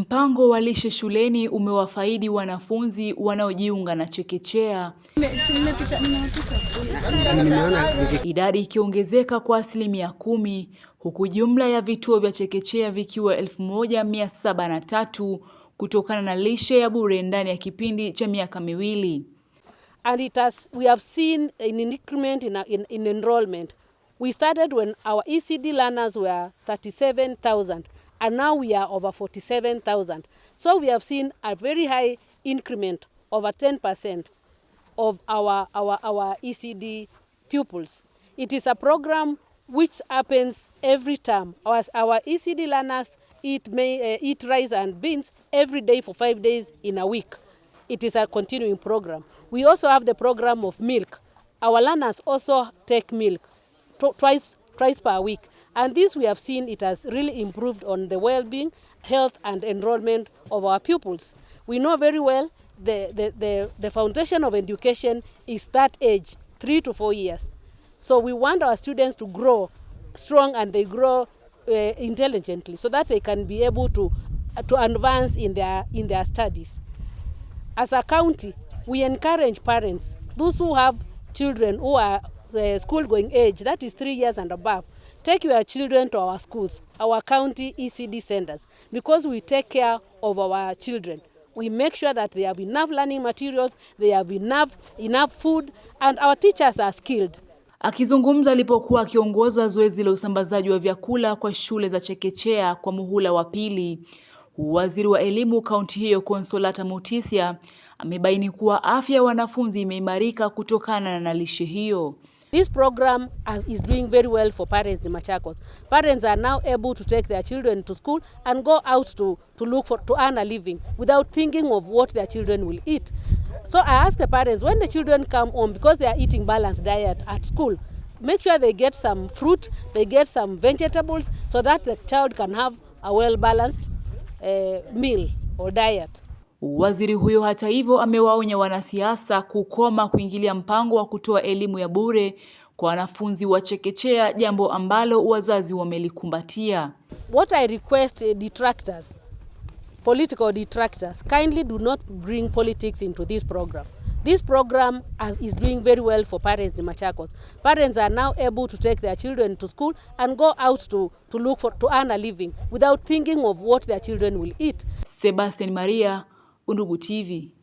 Mpango wa lishe shuleni umewafaidi wanafunzi wanaojiunga na chekechea, idadi ikiongezeka kwa asilimia kumi, huku jumla ya vituo vya chekechea vikiwa 1703 kutokana na lishe ya bure ndani ya kipindi cha miaka miwili. And it has, we have seen an increment in, in, in enrollment. We started when our ECD learners were 37,000 and now we are over 47,000. So we have seen a very high increment, over 10% of our, our, our ECD pupils. It is a program which happens every term. Our, our ECD learners eat, may, uh, eat rice and beans every day for five days in a week. It is a continuing program. We also have the program of milk. Our learners also take milk twice, twice per week. And this we have seen it has really improved on the well-being, health and enrollment of our pupils. We know very well the, the, the, the foundation of education is that age, three to four years. So we want our students to grow strong and they grow uh, intelligently so that they can be able to, uh, to advance in their, in their studies. As a county, we encourage parents, those who have children who are uh, school going age, that is three years and above, take your children to our schools, our county ECD centers, because we take care of our children. We make sure that they have enough learning materials, they have enough, enough food, and our teachers are skilled. Akizungumza alipokuwa akiongoza zoezi la usambazaji wa vyakula kwa shule za chekechea kwa muhula wa pili, Waziri wa elimu kaunti hiyo Consolata Mutisia amebaini kuwa afya ya wanafunzi imeimarika kutokana na lishe hiyo. This program has, is doing very well for parents in Machakos. Parents are now able to take their children to school and go out to, to look for to earn a living without thinking of what their children will eat. So I ask the parents when the children come home because they are eating balanced diet at school, make sure they get some fruit, they get some vegetables so that the child can have a well balanced uh, eh, meal or diet. Waziri huyo hata hivyo amewaonya wanasiasa kukoma kuingilia mpango wa kutoa elimu ya bure kwa wanafunzi wa chekechea, jambo ambalo wazazi wamelikumbatia. What I request eh, detractors, political detractors, kindly do not bring politics into this program. This program is doing very well for parents in Machakos. Parents are now able to take their children to school and go out to, to look for, to earn a living without thinking of what their children will eat. Sebastian Maria Undugu TV.